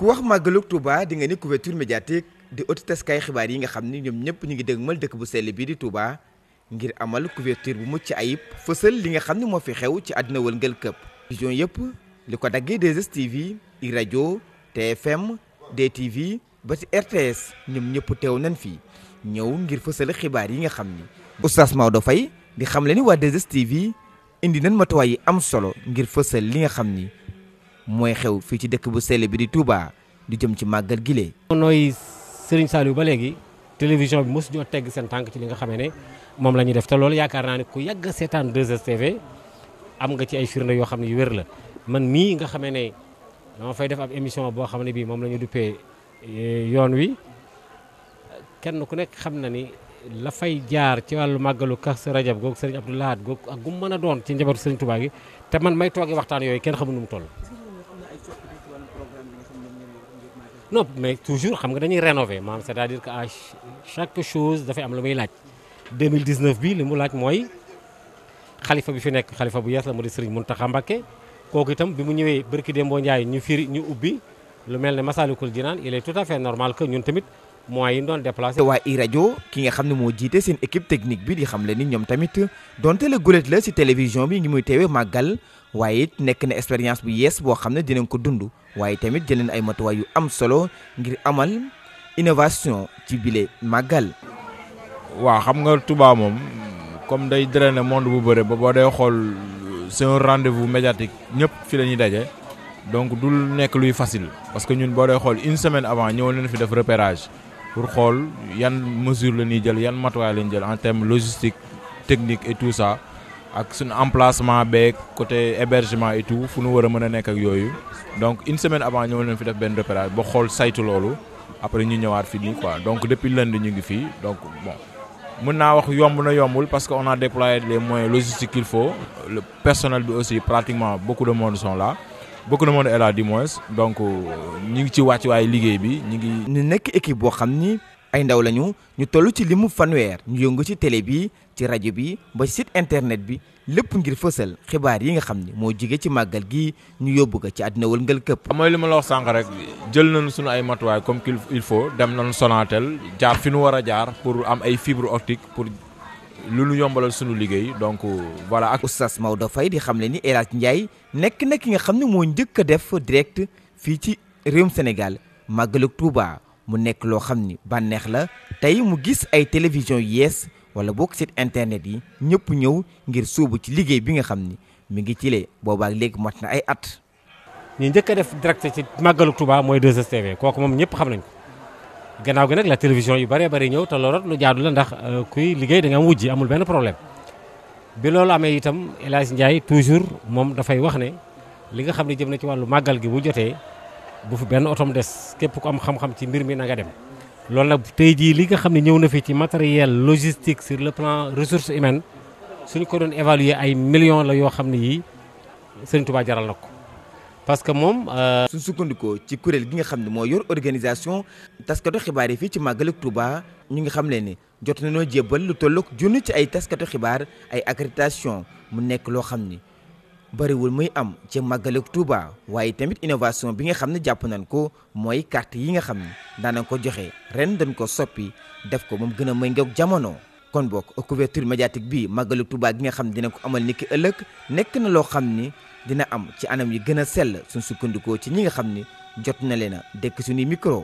ku wax màggalug Touba di nga ni couverture médiatique di ëttu taskay xibaar yi nga xam ni ñoom ñëpp ñu ngi mal dëkk bu sell bii di Touba ngir amal couverture bu mucc ayib fësal li nga xam ni moo fi xew ci àddina wëlngël këpp. vision yëpp li ko daggee 2STV i rajo TFM DTV ba ci RTS ñoom ñëpp teew nañ fi ñëw ngir fësal xibaar yi nga xam ni. Oustaz Maodo fay di xam le ni waa 2STV indi nañ matuwaay yi am solo ngir fësal li nga xam ni. mooy xew fii ci dëkk bu sell bi di Touba di jëm ci màggal gile. nooy Serigne Saliou ba léegi télévision bi mosu ñoo tegg seen tànk ci li nga xamee ne moom la ñuy def te loolu yaakaar naa ne ku yàgg a seetaan 2STV am nga ci ay firnde yoo xam ne yu wér la man mii nga xamee ne dama fay def ab émission boo xam ne bii moom la ñu duppee eh, yoon wi kenn ku nekk xam na ni. la fay jaar ci wàllu màggalu Kazu Rajab googu sëriñ Abdou Lahad googu ak gu mu mën a doon ci njabootu sëriñ te man may waxtaan yooyu kenn xamu nu mu toll. non mais toujours xam nga dañuy rénover maanaam c'est-à-dire que à chaque chose dafay am lu muy laaj 2019 bi li mu laaj mooy xalifa bi fi nekk xalifa bu yees la mu di mun Mountakha Mbacké kooku itam bi mu ñëwee barki Dembo Ndiaye ñu firi ñu ubbi lu mel ne Massalikul Jinaan il est tout à fait normal que ñun tamit moyens yi ñu doon déplacé. waa i rajo ki nga xam ne moo jiite seen équipe technique bi di xam le ni ñoom tamit donte la gulet la si télévision bi ngi muy teewee màggal waaye it nekk na expérience bu yees boo xam ne dinañ ko dund waaye tamit jëleen ay matuwaay yu am solo ngir amal innovation ci bile màggal. waaw xam nga tubaab moom comme day drainer monde bu bëre ba boo day xool c'est un rendez-vous médiatique ñëpp fi la ñuy daje donc dul nekk luy facile parce que ñun boo day xool u semaine avant ñëw leen fi def repérage. pour xool yan mesure la ñuy jël yan matuwaay la ñuy jël en terme logistique technique et tout ça ak suñu emplacement beeg côté hébergement et tout fu nu war a mën a nekk ak yooyu donc une semaine avant ñëw leen fi def benn repérage ba xool saytu loolu après ñu ñëwaat fi nii quoi donc depuis lundi ñu ngi fii donc bon mën naa wax yomb na yombul parce que on a déployé les moyens logistiques qu'il faut le bi aussi pratiquement beaucoup de monde sont là beaucoup na monde est là du moins donc euh, ñi ngi ci wàccuwaay liggéey bi ñi ngi. ñu nekk équipe boo xam ni ay ndaw lañu ñu toll ci limu fanweer ñu yëngu ci télé bi ci rajo bi ba site internet bi lépp ngir fësal xibaar yi nga xam ni moo jige ci màggal gi ñu yóbbu ko ci àddina wëlngal këpp. Ah, mooy li ma la wax sànq rek jël nañu sunu ay matuwaay comme il faut dem nañu Sonatel jaar fi ñu war a jaar pour am ay fibre optique pour. lu lu yombalal sunu liggéey donc euh, voilà ak oustaz Maodo Faye di xam le ni El Hadj Ndiaye nekk na ki nga xam ne moo njëkk a def direct fii ci réewum Sénégal màggalug Touba mu nekk loo xam ni bànneex la tey mu gis ay télévision yees wala boog site internet yi ñëpp ñëw ngir suubu ci liggéey bi nga xam ni mu ngi ci lee boobaak léegi mat na ay at ñi njëkk def direct ci màggalug Touba mooy 2STV kooku moom ñëpp xam nañ ko gannaaw gi nag la télévision yu bëree bëri ñëw te loolu lu jaadu la ndax euh, kuy liggéey da nga am wujji amul benn problème bi loolu amee itam El Hadj toujours moom dafay wax ne li nga xam ne jëm na ci wàllu màggal gi bu jotee bu fi benn otom des képp ku am xam-xam ci mbir mi na nga dem. loolu nag tey jii li nga xam ne ñëw na fi ci matériel logistique sur le plan ressources humaines suñ ko doon évaluer ay millions la yoo xam ne yii Sëriñ Tuubaa jaral na parce que moom. Euh, suñ sukkandikoo ci kuréel gi nga xam ne moo yor organisation taskatu xibaar yi fii ci màggalu Touba ñu ngi xam leen ni jot nañoo jébbal lu tolloog junni ci ay taskatu xibaar ay mu nekk loo xam ni bariwul muy am ci màggalu Touba waaye tamit innovation bi nga xam ne jàpp nañ ko mooy carte yi nga xam ne daanañ ko joxe ren dañ ko soppi def ko moom gën a may ngoog jamono. kon boo bokk couverture médiatique bi màggalu Touba gi nga xam ne dina ko amal ni ki ëllëg nekk na loo xam ni dina am ci anam yi gën a sell suñ sukkandikoo ci ñi nga xam ni jot na leen a dëkk suñuy micro